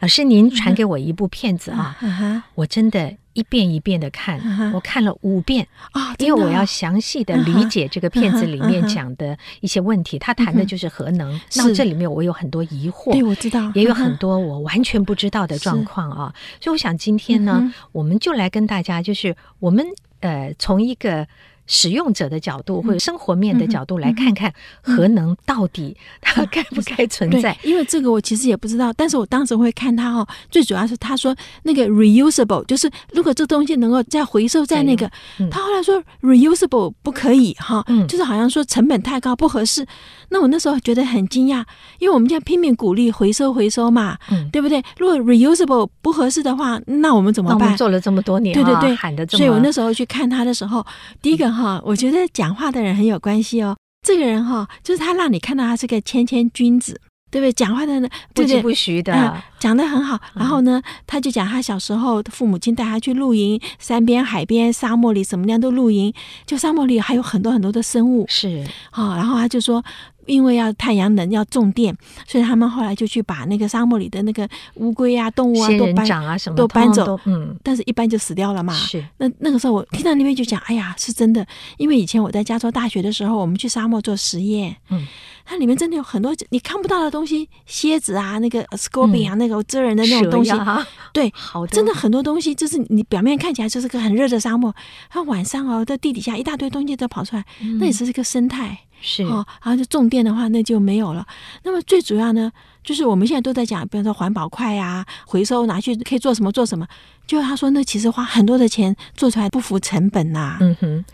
老師，您傳給我一部片子啊，嗯、我真的一遍一遍的看，嗯，我看了五遍，哦，因為我要詳細的理解這個片子裡面講的一些問題。嗯嗯、他談的就是核能，嗯、那這裡面我有很多疑惑，對，我知道，也有很多我完全不知道的狀況啊。嗯、所以我想今天呢、嗯，我們就來跟大家，就是我們呃，從一個。使用者的角度，或者生活面的角度，來看看核能到底、嗯嗯嗯、它該不該存在？因為這個我其實也不知道，但是我當時會看他哦，最主要是他說那個 reusable，就是如果這東西能夠再回收，在那個、嗯、他後來說 reusable 不可以、嗯、哈，就是好像說成本太高，不合適。那我那時候覺得很驚訝，因為我們現在拼命鼓勵回收，回收嘛、嗯，對不對？如果 reusable 不合適的話，那我們怎麼辦？我們做了這麼多年、哦，對對對，喊得這麼、所以我那時候去看他的時候，第一個哈。哈，我覺得講話的人很有關係哦。這個人哈，就是他讓你看到他是個謙謙君子，對不對？講話的呢，不疾不徐的、嗯、講得很好。然後呢，他就講他小時候的父母親帶他去露營，山邊、海邊、沙漠裡什麼樣都露營。就沙漠裡還有很多很多的生物，是。啊，然後他就說。因為要太陽能，要種電，所以他們後來就去把那個沙漠裡的那個烏龜啊、動物啊、仙人掌啊都搬啊什麼都搬走。但是，一般就死掉了嘛。是。那那個時候，我聽到那邊就講：“嗯、哎呀，是真的。”因為以前我在加州大學的時候，我們去沙漠做實驗。嗯。它裡面真的有很多你看不到的東西，蠍子啊，那個 scorpion 啊，嗯、那個蟄人的那種東西。啊、對，好東西，真的很多東西，就是你表面看起來就是個很熱的沙漠，它晚上哦，在地底下一大堆東西都跑出來，嗯、那也是個生態。是、哦、然後就重電的話，那就沒有了。那麼最主要呢，就是我們現在都在講，比如說環保塊呀、啊，回收拿去可以做什麼做什麼。就他說，那其實花很多的錢做出來，不符成本吶、啊。嗯哼。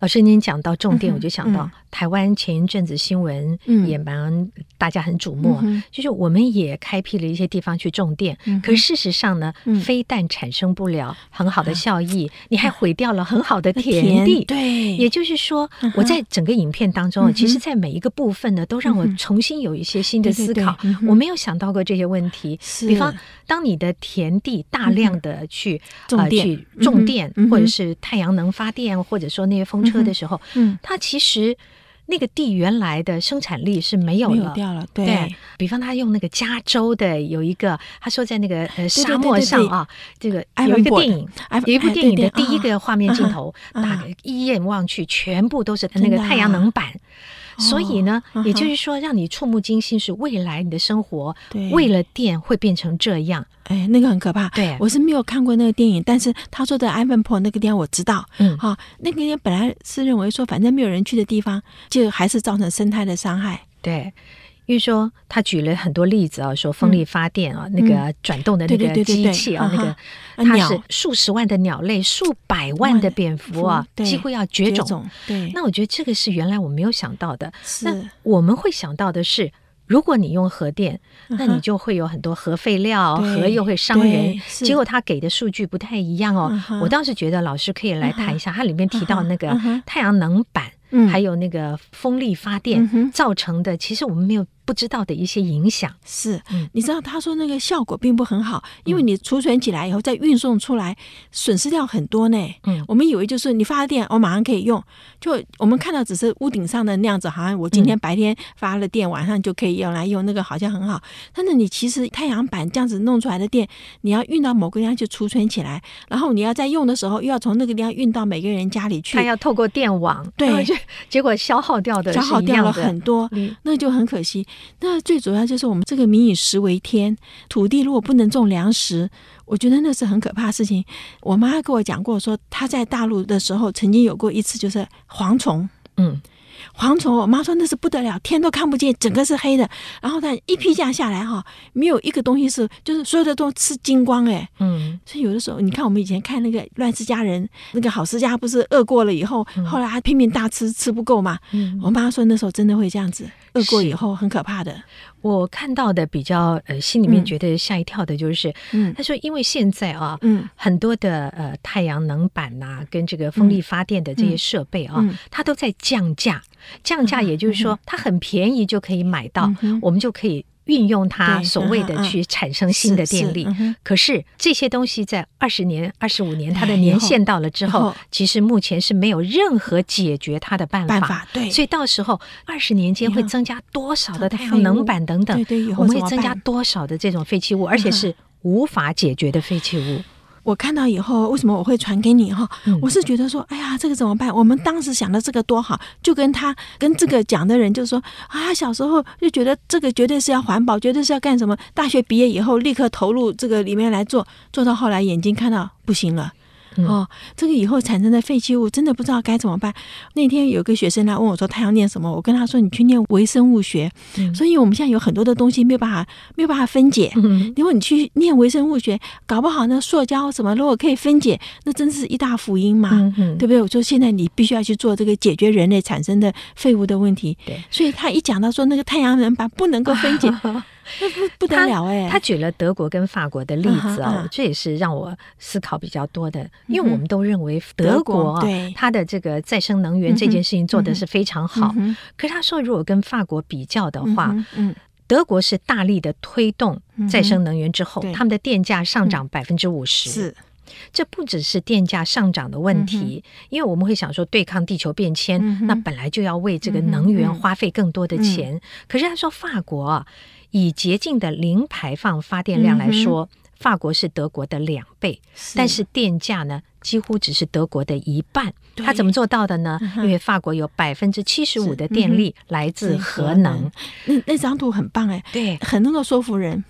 老師，您講到種電、嗯，我就想到、嗯、台灣前一陣子新聞也蠻、嗯、大家很矚目、嗯，就是我們也開闢了一些地方去種電、嗯，可事實上呢、嗯，非但產生不了很好的效益，啊、你還毀掉了很好的田地。啊、田對，也就是說、嗯，我在整個影片當中、嗯，其實在每一個部分呢，都讓我重新有一些新的思考。嗯對對對嗯、我沒有想到過這些問題，是比方當你的田地大量的去啊、嗯呃、去種電、嗯，或者是太陽能發電，嗯、或者說那些風。車的時候，嗯，他其實那個地原來的生產力是沒有了沒有掉了對，對。比方他用那個加州的有一個，他說在那個呃沙漠上啊，對對對對這個、I、有一個電影、啊，有一部電影的第一個畫面鏡頭，大家、哦、一眼望去、啊、全部都是那個太陽能板。所以呢，也就是說，讓你觸目驚心是未來你的生活。對，為了電會變成這樣。哎，那個很可怕。對。我是沒有看過那個電影，但是他說的埃芬珀那個地方我知道。嗯，啊、哦，那個地方本來是認為說，反正沒有人去的地方，就還是造成生態的傷害。對。比如說他舉了很多例子啊，說風力發電啊，嗯、那個轉動的那個機器啊，那、嗯、個、啊、它是數十萬的鳥類、嗯、數百萬的蝙蝠啊，嗯、蝠幾乎要絕種，絕種。對，那我覺得這個是原來我沒有想到的。是，那我們會想到的是，如果你用核電，啊、那你就會有很多核廢料，核又會傷人。結果他給的數據不太一樣哦、啊。我倒是覺得老師可以來談一下，他、啊、裡面提到那個太陽能板，啊、還有那個風力發電、嗯嗯、造成的，其實我們沒有。不知道的一些影響是，你知道他說那個效果並不很好、嗯，因為你儲存起來以後再運送出來，損失掉很多呢。嗯，我們以為就是你發了電，我、哦、馬上可以用。就我們看到只是屋頂上的那樣子，好像我今天白天發了電、嗯，晚上就可以用來用，那個好像很好。但是你其實太陽板這樣子弄出來的電，你要運到某個地方去儲存起來，然後你要再用的時候又要從那個地方運到每個人家裡去，他要透過電網，對，就結果消耗掉的，的消耗掉了很多，那就很可惜。那最主要就是我們這個民以食為天，土地如果不能種糧食，我覺得那是很可怕的事情。我媽跟我講過說，說她在大陸的時候曾經有過一次，就是蝗蟲，嗯，蝗蟲，我媽說那是不得了，天都看不見，整個是黑的。然後她一批降下來，哈，沒有一個東西是，就是所有的都吃精光、欸，哎，嗯。所以有的時候，你看我們以前看那個《亂世佳人》，那個郝思嘉不是餓過了以後，後來還拼命大吃，吃不夠嘛。我媽說那時候真的會這樣子。餓過以後很可怕的。我看到的比較呃，心裡面覺得嚇一跳的就是，嗯，他說因為現在啊，嗯，很多的呃太陽能板吶、啊，跟這個風力發電的這些設備啊、嗯嗯，它都在降價，降價也就是說它很便宜就可以買到，嗯、我們就可以。運用它，所謂的去產生新的電力，可是這些東西在二十年、二十五年，它的年限到了之後，其實目前是沒有任何解決它的辦法。所以到時候二十年間會增加多少的太陽能板等等，我們會增加多少的這種廢棄物，而且是無法解決的廢棄物。我看到以後，為什麼我會傳給你哈？我是覺得說，哎呀，這個怎麼辦？我們當時想的這個多好，就跟他跟這個講的人就說，啊，小時候就覺得這個絕對是要環保，絕對是要幹什麼？大學畢業以後立刻投入這個裡面來做，做到後來眼睛看到不行了。哦，這個以後產生的廢棄物真的不知道該怎麼辦。那天有個學生來問我說，他要念什麼？我跟他說，你去念微生物學、嗯。所以我們現在有很多的東西沒有辦法沒有辦法分解、嗯。如果你去念微生物學，搞不好那塑膠什麼如果可以分解，那真是一大福音嘛、嗯嗯，對不對？我說現在你必須要去做這個解決人類產生的廢物的問題。對，所以他一講到說那個太陽能板不能夠分解。啊呵呵不，不得了哎、欸！他舉了德國跟法國的例子啊、哦，uh -huh, uh -huh. 這也是讓我思考比較多的。Uh -huh. 因為我們都認為德國對它的這個再生能源這件事情做的是非常好，uh -huh. 可是他說如果跟法國比較的話，嗯、uh -huh.，德國是大力的推動再生能源之後，他、uh -huh. 們的電價上漲百分之五十。是、uh -huh.，這不只是電價上漲的問題，uh -huh. 因為我們會想說對抗地球變遷，uh -huh. 那本來就要為這個能源花費更多的錢。Uh -huh. 可是他說法國。以潔淨的零排放發電量來說，嗯、法國是德國的兩倍，但是電價呢，幾乎只是德國的一半。他怎麼做到的呢？嗯、因為法國有百分之七十五的電力、嗯、來自核能。核能。那那張圖很棒哎、欸，對，很能夠說服人。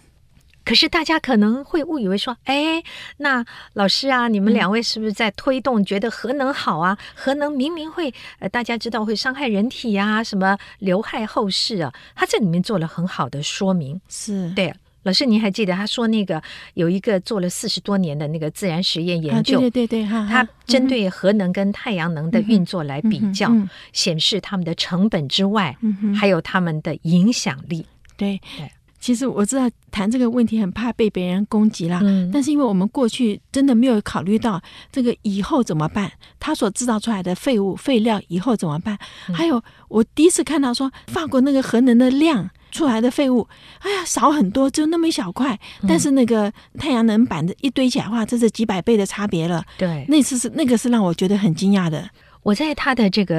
可是大家可能會誤以為說，哎，那老師啊，你們兩位是不是在推動？覺得核能好啊？嗯、核能明明會、呃，大家知道會傷害人體啊，什麼流害後世啊？他這裡面做了很好的說明，是對、啊、老師，您還記得他說那個有一個做了四十多年的那個自然實驗研究，啊、對對對對哈哈，他針對核能跟太陽能的運作來比較，嗯嗯嗯、顯示他們的成本之外、嗯，還有他們的影響力，對對。其實我知道談這個問題很怕被別人攻擊啦、嗯，但是因為我們過去真的沒有考慮到這個以後怎麼辦？他所制造出來的廢物廢料以後怎麼辦、嗯？還有我第一次看到說法國那個核能的量出來的廢物，嗯、哎呀少很多，就那麼一小塊、嗯。但是那個太陽能板的一堆起來的話，這是幾百倍的差別了。對，那次是那個是讓我覺得很驚訝的。我在他的這個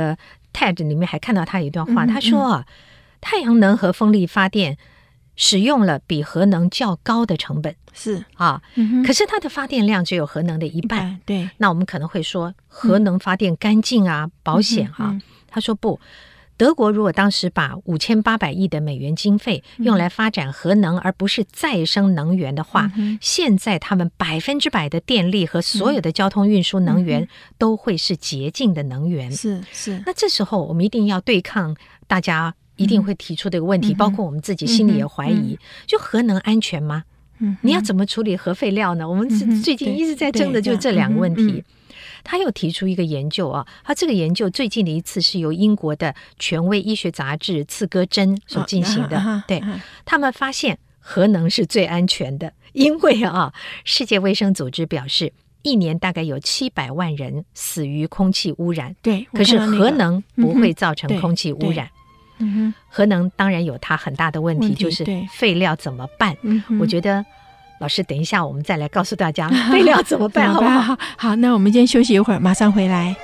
tag 裡面還看到他有一段話，嗯、他說、嗯：太陽能和風力發電。使用了比核能較高的成本，是啊、嗯，可是它的發電量只有核能的一半、嗯。對，那我們可能會說核能發電乾淨啊，嗯、保險啊。他、嗯嗯、說不，德國如果當時把五千八百億的美元經費用來發展核能，而不是再生能源的話，嗯、現在他們百分之百的電力和所有的交通運輸能源都會是潔淨的能源。嗯嗯、是是，那這時候我們一定要對抗大家。一定會提出這個問題、嗯，包括我們自己心裡也懷疑，嗯、就核能安全嗎、嗯？你要怎麼處理核廢料呢？嗯、我們是、嗯、最近一直在爭的，就這兩個問題。嗯、他又提出一個研究啊、哦，他這個研究最近的一次是由英國的權威醫學雜誌《刺胳針》所進行的。哦、對、嗯，他們發現核能是最安全的，嗯、因為啊、哦，世界衛生組織表示，一年大概有七百萬人死於空氣污染。對、那個，可是核能不會造成空氣污染。嗯核能當然有它很大的問題，問題，就是廢料怎麼辦？我覺得 老師等一下我們再來告訴大家廢料怎麼辦， 怎麼辦好不好？好吧，好，好，那我們先休息一會兒，馬上回來。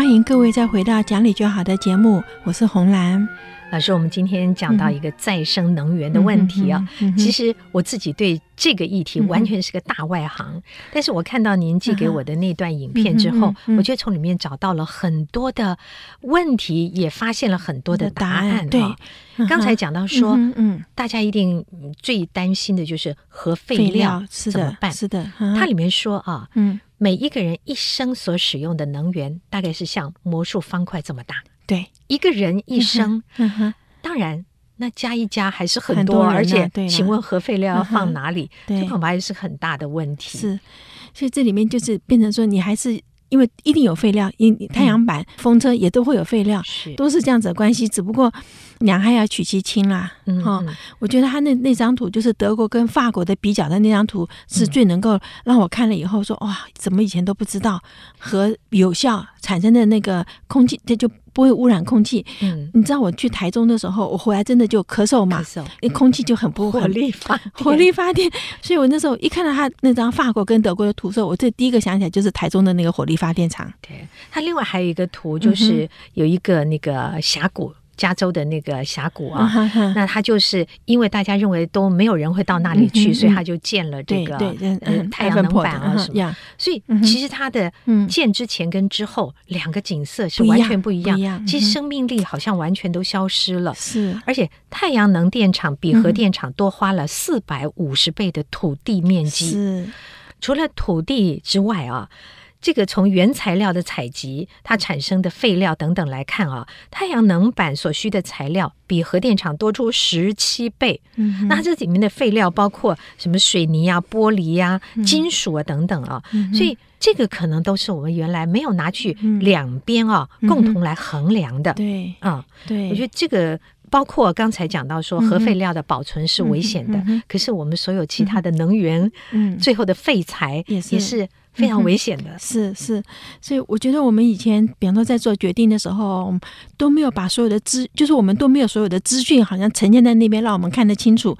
歡迎各位再回到《講理就好》的節目，我是紅蘭老師。我們今天講到一個再生能源的問題啊，嗯嗯嗯、其實我自己對這個議題完全是個大外行，嗯、但是我看到您寄給我的那段影片之後、嗯嗯嗯嗯，我覺得從裡面找到了很多的問題，也發現了很多的答案。答案對、嗯，剛才講到說嗯嗯，嗯，大家一定最擔心的就是核廢料怎麼辦？，是的。它、嗯、裡面說啊，嗯。每一個人一生所使用的能源，大概是像魔術方塊這麼大。對，一個人一生，嗯嗯、當然那加一加還是很多。很多啊、而且，請問核廢料要放哪裡？這、嗯、恐怕也是很大的問題。是，所以這裡面就是變成說，你還是。嗯因為一定有廢料，因太陽板，嗯、風車也都會有廢料，都是這樣子的關係。只不過兩害要取其輕啦，哈，嗯嗯哦。我覺得他那那張圖就是德國跟法國的比較的那張圖，是最能夠讓我看了以後說哇，嗯哦，怎麼以前都不知道和有效產生的那個空氣，這就。不會污染空氣，嗯。你知道我去台中的時候，我回來真的就咳嗽嘛，咳嗽，因空氣就很不好，火力發 火力發電。所以我那時候一看到他那張法國跟德國的圖的時候，我最第一個想起來就是台中的那個火力發電廠。對，他另外還有一個圖，就是有一個那個峽谷。嗯加州的那個峽谷啊， 那它就是因為大家認為都沒有人會到那裡去， 所以他就建了這個、 呃、太陽能板啊 什麼。所以其實它的建之前跟之後兩個景色是完全不一樣。不一樣，不一樣，其實生命力好像完全都消失了。是、嗯。而且太陽能電廠比核電廠多花了四百五十倍的土地面積。 是。除了土地之外啊。這個從原材料的採集，它產生的廢料等等來看啊、哦，太陽能板所需的材料比核電廠多出十七倍、嗯。那這裡面的廢料包括什麼水泥啊、玻璃啊、嗯、金屬啊等等啊、哦嗯。所以這個可能都是我們原來沒有拿去兩邊啊、哦嗯、共同來衡量的。對、嗯，啊、嗯嗯，對，我覺得這個包括剛才講到說核廢料的保存是危險的，嗯嗯、可是我們所有其他的能源，嗯、最後的廢材也是，也是。非常危險的，嗯，是是，所以我覺得我們以前，比方說在做決定的時候。都沒有把所有的資，就是我們都沒有所有的資訊，好像呈現在那邊讓我們看得清楚。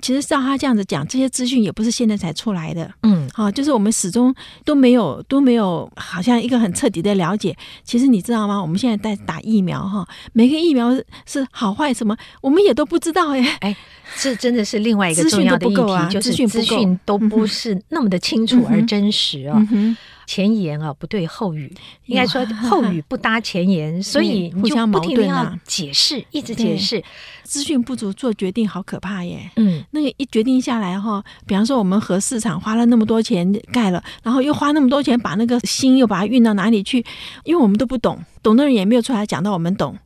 其實照他這樣子講，這些資訊也不是現在才出來的。嗯，好、啊，就是我們始終都沒有都沒有，好像一個很徹底的了解。其實你知道嗎？我們現在在打疫苗哈，每個疫苗是好壞什麼，我們也都不知道哎。哎，這真的是另外一個重要的議題，資訊都不夠啊，資訊不夠，就是資訊都不是那麼的清楚而真實哦、啊。嗯前言啊不對後語，應該說後語不搭前言，所以互相不停的解釋，一直解釋、啊。資訊不足做決定好可怕耶！嗯，那個一決定下來哈，比方說我們核四廠花了那麼多錢蓋了，然後又花那麼多錢把那個心又把它運到哪裡去？因為我們都不懂，懂的人也沒有出來講到我們懂，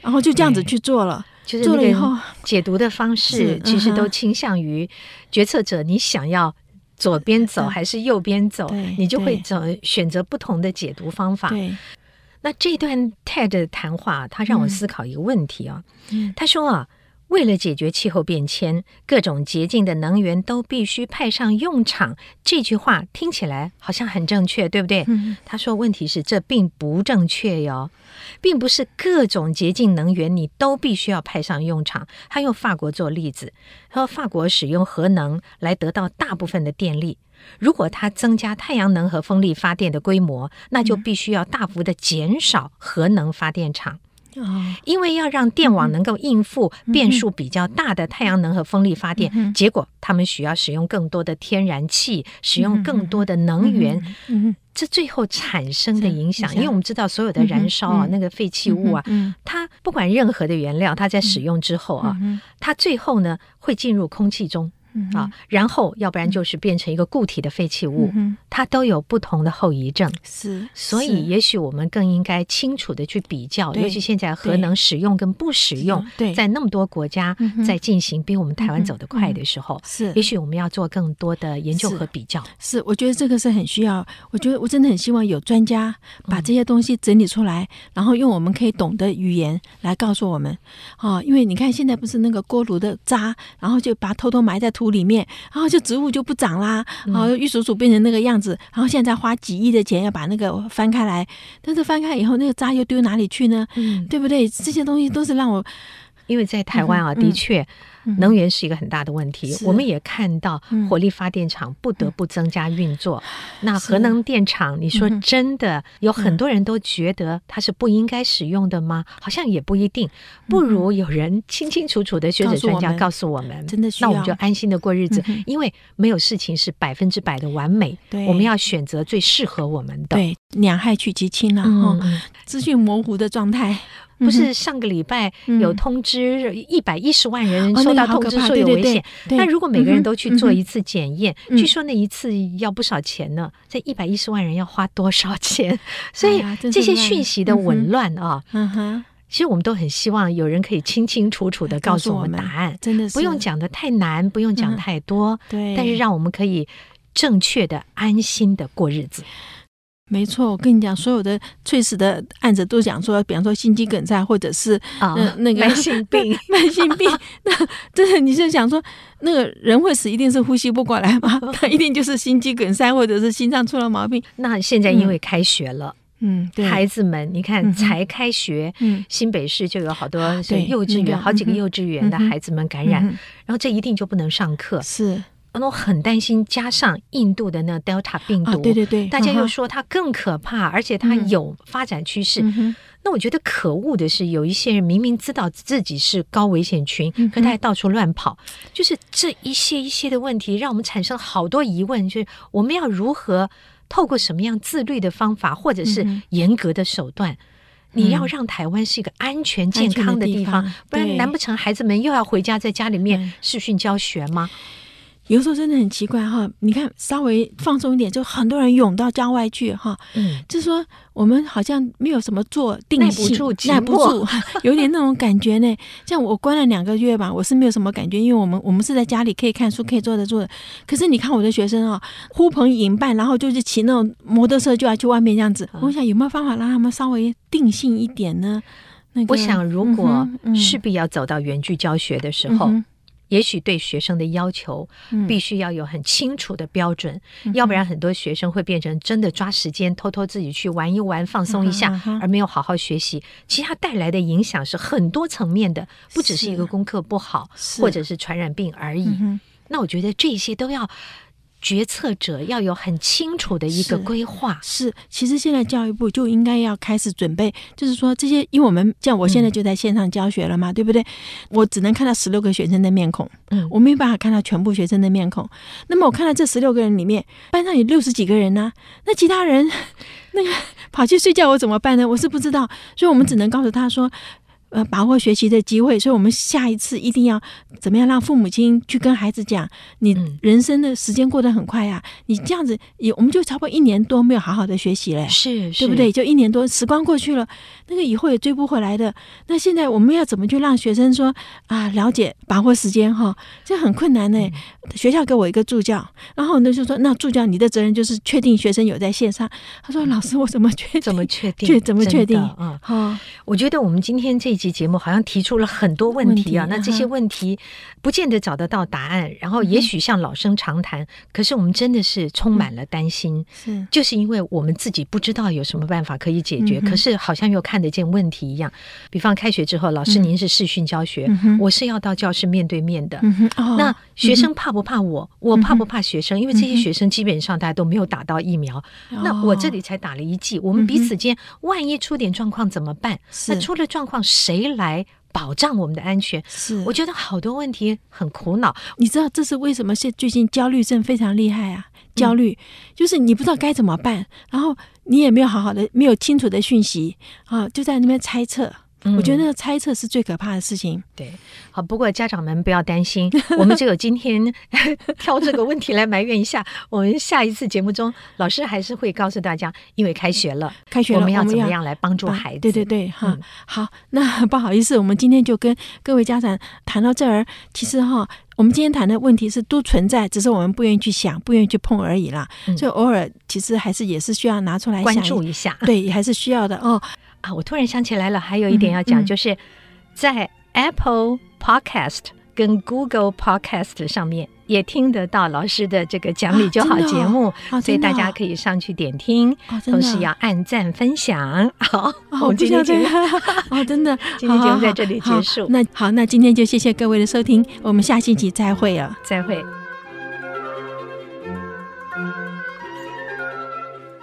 然後就這樣子去做了。就是做了以後，解讀的方式其實都傾向於決策者，你想要。左邊走還是右邊走，呃、你就會走選擇不同的解讀方法。那這段 TED 的談話，他讓我思考一個問題啊、哦。他、嗯嗯、說啊。為了解決氣候變遷，各種潔淨的能源都必須派上用場。這句話聽起來好像很正確，對不對？他、嗯、說，問題是這並不正確喲，並不是各種潔淨能源你都必須要派上用場。他用法國做例子，他說法國使用核能來得到大部分的電力，如果它增加太陽能和風力發電的規模，那就必須要大幅的減少核能發電廠。嗯嗯啊，因為要讓電網能夠應付變數比較大的太陽能和風力發電，嗯、結果他們需要使用更多的天然氣，嗯、使用更多的能源、嗯嗯，這最後產生的影響，因為我們知道所有的燃燒啊，嗯、那個廢棄物啊、嗯，它不管任何的原料，它在使用之後啊，嗯、它最後呢會進入空氣中。啊，然後要不然就是變成一個固體的廢棄物，嗯，它都有不同的後遺症。是，所以也許我們更應該清楚的去比較，尤其現在核能使用跟不使用，對，在那麼多國家在進行比我們台灣走得快的時候，是，嗯，也許我們要做更多的研究和比較，是是。是，我覺得這個是很需要，我覺得我真的很希望有專家把這些東西整理出來，嗯，然後用我們可以懂的語言來告訴我們。啊，哦，因為你看現在不是那個鍋爐的渣，然後就把它偷偷埋在土裡面，然後就植物就不長啦、嗯，然後玉蜀黍變成那個樣子，然後現在花幾億的錢要把那個翻開來，但是翻開以後那個渣又丟哪裡去呢、嗯？對不對？這些東西都是讓我。因為在台灣啊，嗯、的確，能源是一個很大的問題、嗯。我們也看到火力發電廠不得不增加運作。嗯、那核能電廠，你說真的、嗯、有很多人都覺得它是不應該使用的嗎、嗯？好像也不一定。不如有人清清楚楚的學者專家告訴我們，我們真的，那我們就安心的過日子、嗯，因為沒有事情是百分之百的完美。我們要選擇最適合我們的。對，兩害取其輕了、啊、嗯，資訊模糊的狀態。不是上個禮拜有通知，一百一十萬人收到通知說有危險。嗯哦、那對對對，但如果每個人都去做一次檢驗，嗯嗯、據說那一次要不少錢呢。這一百一十萬人要花多少錢？嗯、所以、哎、這些訊息的紊亂啊、嗯嗯，其實我們都很希望有人可以清清楚楚的告訴我們答案，真的是不用講的太難，不用講太多、嗯，但是讓我們可以正確的、安心的過日子。沒錯，我跟你講，所有的猝死的案子都講說，比方說心肌梗塞，或者是啊那、哦、那、那個慢性病、慢性病， 慢性病那對，你是想說那個人會死，一定是呼吸不過來嗎？他、哦、一定就是心肌梗塞，或者是心臟出了毛病。那現在因為開學了，嗯，嗯，對，孩子們，你看才開學，嗯，新北市就有好多對幼稚園，啊那個嗯，好幾個幼稚園的孩子們感染，嗯嗯、然後這一定就不能上課是。我很擔心，加上印度的那 Delta 病毒，啊、對對對、啊，大家又說它更可怕，而且它有發展趨勢、嗯嗯。那我覺得可惡的是，有一些人明明知道自己是高危險群，可他還到處亂跑、嗯。就是這一些一些的問題，讓我們產生好多疑問：就是我們要如何透過什麼樣自律的方法，或者是嚴格的手段，嗯、你要讓台灣是一個安全健康的地方，安全的地方，不然難不成孩子們又要回家在家裡面視訊教學嗎？嗯嗯有時候真的很奇怪哈，你看稍微放鬆一點，就很多人湧到郊外去哈。嗯，就是說我們好像沒有什麼坐定性，耐不住，耐不住，有點那種感覺呢。 像我關了兩個月吧，我是沒有什麼感覺，因為我們我們是在家裡可以看書，可以坐着坐的。可是你看我的學生啊、哦，呼朋引伴，然後就是騎那種摩托車就要去外面這樣子。我想有沒有方法讓他們稍微定性一點呢？那個、我想如果勢必要走到遠距教學的時候。嗯也許對學生的要求，必須要有很清楚的標準，嗯，要不然很多學生會變成真的抓時間，嗯，偷偷自己去玩一玩，放鬆一下，嗯，而沒有好好學習。其實他帶來的影響是很多層面的，不只是一個功課不好，或者是傳染病而已，嗯。那我覺得這些都要。決策者要有很清楚的一個規劃是是，其實現在教育部就應該要開始準備，就是說這些，因為我們像我現在就在線上教學了嘛，嗯、對不對？我只能看到十六個學生的面孔，嗯，我沒有辦法看到全部學生的面孔。那麼我看到這十六個人裡面，班上有六十幾個人呢、啊，那其他人那個跑去睡覺，我怎麼辦呢？我是不知道，所以我們只能告訴他說。呃，把握學習的機會，所以我們下一次一定要怎麼樣，讓父母親去跟孩子講，你人生的時間過得很快呀、啊，你這樣子也我們就差不多一年多沒有好好的學習了、欸，是，是，對不對？就一年多時光過去了，那個以後也追不回來的。那現在我們要怎麼去讓學生說啊，了解把握時間哈，這很困難呢、欸嗯、學校給我一個助教，然後呢就說，那助教你的責任就是確定學生有在線上。他說，老師我怎麼確定？怎麼確定？怎麼確定？嗯，好，我覺得我們今天這節目好像提出了很多問題啊問題，那這些問題不見得找得到答案，嗯、然後也許像老生常談、嗯，可是我們真的是充滿了擔心是，就是因為我們自己不知道有什麼辦法可以解決、嗯，可是好像又看得見問題一樣。比方開學之後，老師您是視訊教學，嗯、我是要到教室面對面的，嗯哦、那學生怕不怕我、嗯？我怕不怕學生？因為這些學生基本上大家都沒有打到疫苗，嗯、那我這裡才打了一劑，哦、我們彼此間、嗯、萬一出點狀況怎麼辦？那出了狀況誰？誰來保障我們的安全？是我覺得好多問題很苦惱，你知道這是為什麼？是最近焦慮症非常厲害啊！焦慮、嗯、就是你不知道該怎麼辦，然後你也沒有好好的，沒有清楚的訊息啊，就在那邊猜測。我覺得那個猜測是最可怕的事情、嗯。對，好，不過家長們不要擔心， 我們只有今天呵呵挑這個問題來埋怨一下。我們下一次節目中，老師還是會告訴大家，因為開學了，開學了我們要怎麼樣來幫助孩子、嗯？對對對，哈，嗯、好，那不好意思，我們今天就跟各位家長談到這兒。其實哈，我們今天談的問題是都存在，只是我們不願意去想，不願意去碰而已了。嗯、所以偶爾，其實還是也是需要拿出來想關注一下。對，也還是需要的哦。啊，我突然想起來了，還有一點要講、嗯嗯，就是在 Apple Podcast 跟 Google Podcast 上面也聽得到老師的這個講理就好、啊哦、節目、啊哦，所以大家可以上去點聽，啊哦、同時要按讚分享、啊。好，我們今天節目啊，真的今天節目在這裡結束。 好好好那好，那今天就謝謝各位的收聽，我們下星期再會哦、啊，再會。